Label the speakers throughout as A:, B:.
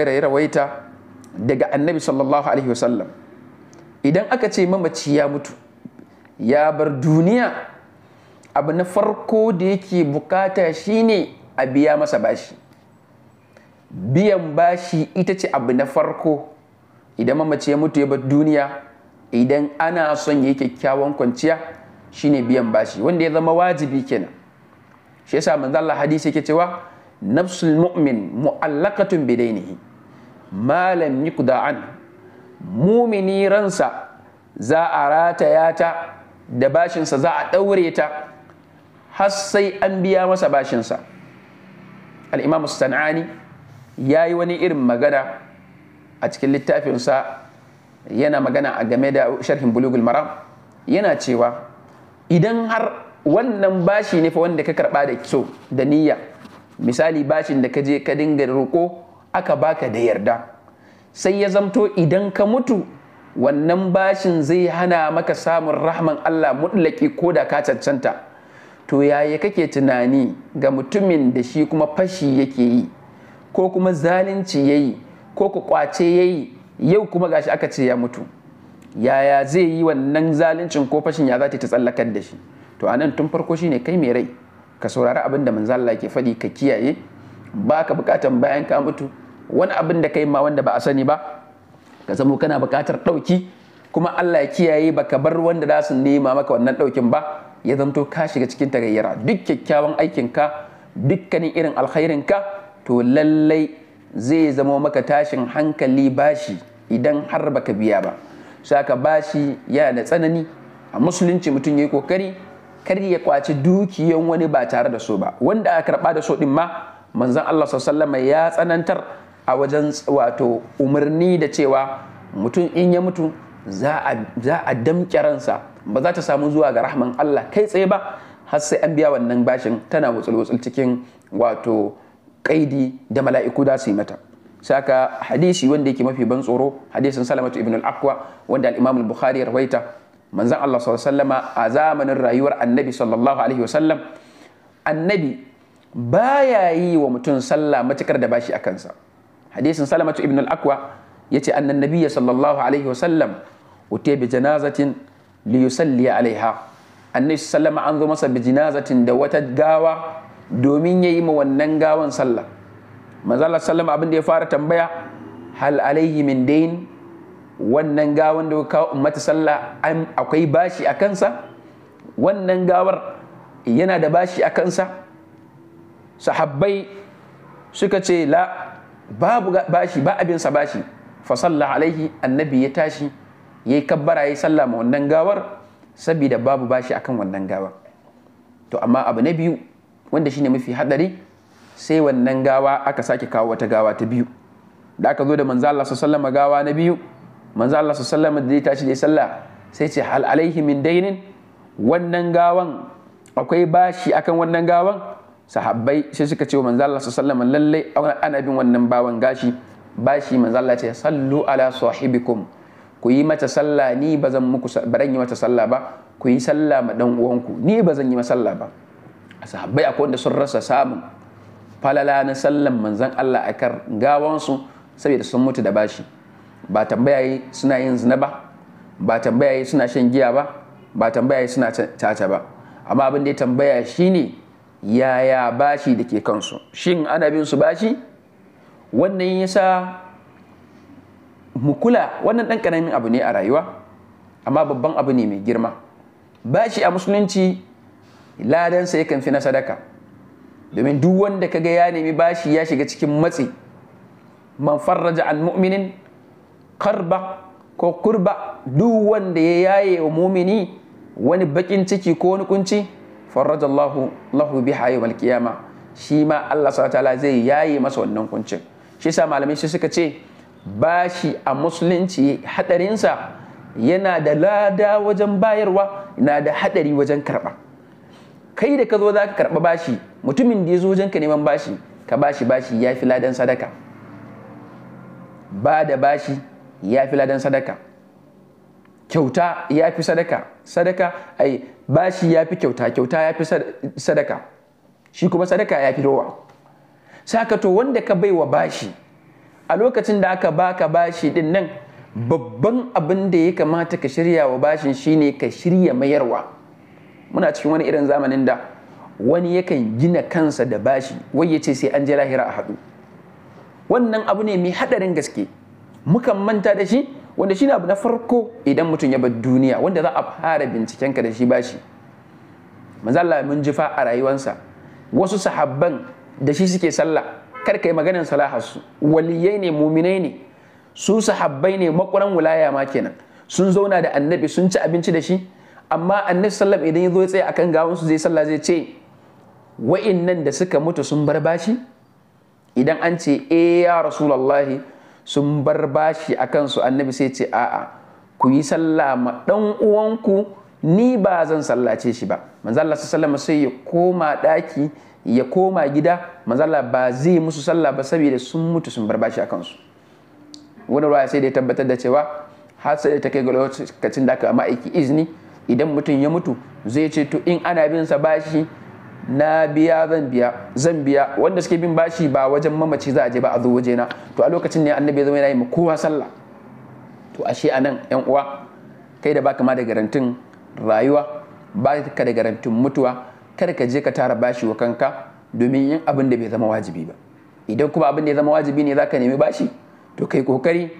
A: ya rawaita daga annabi sallallahu alaihi wasallam idan aka ce mamaci ya mutu ya bar duniya abu na farko da yake bukata shine a biya masa bashi biyan bashi ita ce abu na farko idan mamaci ya mutu ya bar duniya idan ana son ya yi kyakkyawan kwanciya shine biyan bashi wanda ya zama wajibi kenan shi yasa manzo Allah hadisi yake cewa nafsul mu'min mu'allakatun bidainihi malam yuqda an mumini ransa za a rataya ta da bashinsa za a ɗaure ta har sai an biya masa bashinsa al'imamu sana'ani ya yi wani irin magana a cikin littafinsa yana magana a game da sharhin bulugul maram yana cewa idan har wannan bashi ne fa wanda ka karɓa da so da niyya misali bashin da ka je ka dinga roƙo aka baka da yarda sai ya zamto idan ka mutu wannan bashin zai hana maka samun rahman Allah mutlaki ko da ka cancanta to yaya kake tunani ga mutumin da shi kuma fashi yake yi ko kuma zalunci ya yi ko ku kwace ya yi yau kuma gashi aka ce ya mutu yaya zai yi wannan zaluncin ko fashin ya za ta tsallakar da shi to anan tun farko shine kai mai rai ka saurari abin da manzo Allah ke faɗi ka kiyaye ba ka buƙatar bayan ka mutu wani abin da kai ma wanda ba a sani ba ka zamo kana buƙatar ɗauki kuma Allah ya kiyaye ba ka bar wanda za su nema maka wannan ɗaukin ba ya zanto ka shiga cikin tagayyara duk kyakkyawan ka dukkanin irin ka to lallai zai zamo maka tashin hankali bashi idan har baka biya ba saka bashi yana da tsanani a musulunci mutum ya yi kokari kar ya kwaci dukiyan wani ba tare da so ba wanda aka karba da so din ma manzon Allah sallallahu ya tsanantar a wajen wato umarni da cewa mutum in ya mutu za a damƙe ransa ba za ta samu zuwa ga rahman Allah kai tsaye ba har sai an biya wannan bashin tana wutsul-wutsul cikin wato kaidi da mala'iku da su yi mata saka hadisi wanda yake mafi ban tsoro hadisin salamatu ibn al-aqwa wanda al-imam al-bukhari rawaita manzon Allah sallallahu a zamanin rayuwar annabi sallallahu alaihi wasallam annabi baya yi wa mutum sallah matukar da bashi a kansa hadisin salamatu ibn al-akwa yace annan nabiyya sallallahu alaihi wasallam utiya bi janazatin li yusalli alaiha annabi sallama an zo masa bi janazatin da wata gawa domin yayi ma wannan gawan sallah manzon Allah sallama abin da ya fara tambaya hal alaihi min dain wannan gawan da kawo ummata sallah akwai bashi a kansa wannan gawar yana da bashi a kansa sahabbai suka ce la babu bashi ba abinsa bashi fa sallah alaihi annabi ya tashi ya yi kabbara ya yi sallah ma wannan gawar saboda babu bashi akan wannan gawar to amma abu na biyu wanda shine mafi hadari sai wannan gawa aka sake kawo wata gawa ta biyu da aka zo da manzo Allah sallallahu alaihi gawa na biyu manzo Allah sallallahu alaihi wasallam da ya tashi da sallah sai ce hal alaihi min dainin wannan gawan akwai bashi akan wannan gawan sahabbai sai suka ce wa manzo Allah sallallahu alaihi wasallam lalle ana bin wannan bawan gashi bashi manzo Allah ce sallu ala sahibikum ku yi mata sallah ni ba zan muku baran yi mata sallah ba ku yi sallah ma dan uwanku ni ba zan yi masa sallah ba sahabbai akwai wanda sun rasa samun falala na sallan manzon Allah akan gawansu saboda sun mutu da bashi ba tambaya yi suna yin zina ba ba tambaya yi suna shan giya ba ba tambaya yi suna caca ba amma abin da ya tambaya shine yaya bashi da ke kansu shin ana bin su bashi wannan yasa mu kula wannan dan karamin abu ne a rayuwa amma babban abu ne mai girma bashi a musulunci ladansa yakan fi na sadaka domin duk wanda kaga ya nemi bashi ya shiga cikin matsi man farraja an mu'minin karba ko kurba duk wanda ya yaye wa mumini wani bakin ciki ko wani kunci farajallahu lahu biha yawmal qiyama shi ma Allah subhanahu ta'ala zai yaye masa wannan kuncin shi yasa malamai shi suka ce bashi a musulunci hadarinsa yana da lada wajen bayarwa na da hadari wajen karba kai da ka zo za ka karba bashi mutumin da ya zo wajen ka neman bashi ka bashi bashi ya fi ladan sadaka ba da bashi ya fi ladan sadaka kyauta ya fi sadaka sadaka ai bashi ya fi kyauta kyauta ya fi sadaka shi kuma sadaka ya fi rowa saka wanda ka bai wa bashi a lokacin da aka baka bashi din nan babban abin da ya kamata ka shirya wa bashin shine ka shirya mayarwa muna cikin wani irin zamanin da wani yakan gina kansa da bashi wai ya ce sai an je lahira a haɗu wannan abu ne mai haɗarin gaske mukan manta da shi wanda shi abu na farko idan mutum ya bar duniya wanda za a fara binciken ka da shi bashi manzo Allah mun ji fa a rayuwansa, wasu sahabban da shi suke sallah kar kai maganar salaharsu waliyai ne muminai ne su sahabbai ne makwaran wilaya ma kenan sun zauna da annabi sun ci abinci da shi amma annabi sallam idan ya zo ya tsaya akan gawun su zai sallah zai ce nan da suka mutu sun bar bashi idan an ce eh ya rasulullahi sun bar bashi a kansu annabi sai ce a'a ku yi sallah ma ɗan uwanku ni ba zan sallace shi ba manzala su sallama sai ya koma ɗaki ya koma gida manzala ba zai musu sallah ba saboda sun mutu sun bar bashi a kansu wani ruwa sai da ya tabbatar da cewa har sai da ta kai ga lokacin da aka ma'aiki izini idan mutum ya mutu zai ce to in ana bin sa bashi na biya zan biya zan biya wanda suke bin bashi ba wajen mamaci za a je ba a zo na to a lokacin ne annabi ya zama yana yi ma kowa sallah to ashe nan yan uwa kai da baka ma da garantin rayuwa ba ka da garantin mutuwa kar ka je ka tara bashi wa kanka domin yin abin da bai zama wajibi ba idan kuma abin da ya zama wajibi ne ka nemi bashi to kai kokari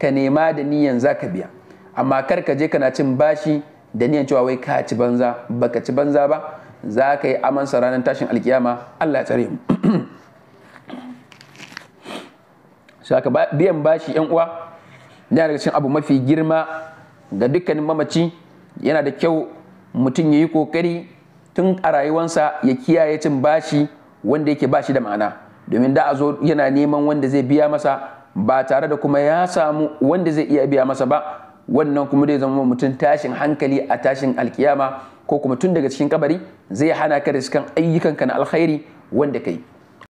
A: ka nema da niyan zaka biya amma kar ka je kana cin bashi da niyan cewa wai ka ci banza baka ci banza ba za ka yi amansa ranar tashin alkiyama Allah ya tsare mu saka biyan bashi yan uwa yana daga cikin abu mafi girma ga dukkanin mamaci yana da kyau mutum ya yi kokari tun a rayuwansa ya kiyaye cin bashi wanda yake bashi da ma'ana domin da a zo yana neman wanda zai biya masa ba tare da kuma ya samu wanda zai iya biya masa ba wannan kuma zai zama mutum tashin hankali a tashin alkiyama ko kuma tun daga cikin kabari zai hana ka da cikin ayyukanka na alkhairi wanda ka yi.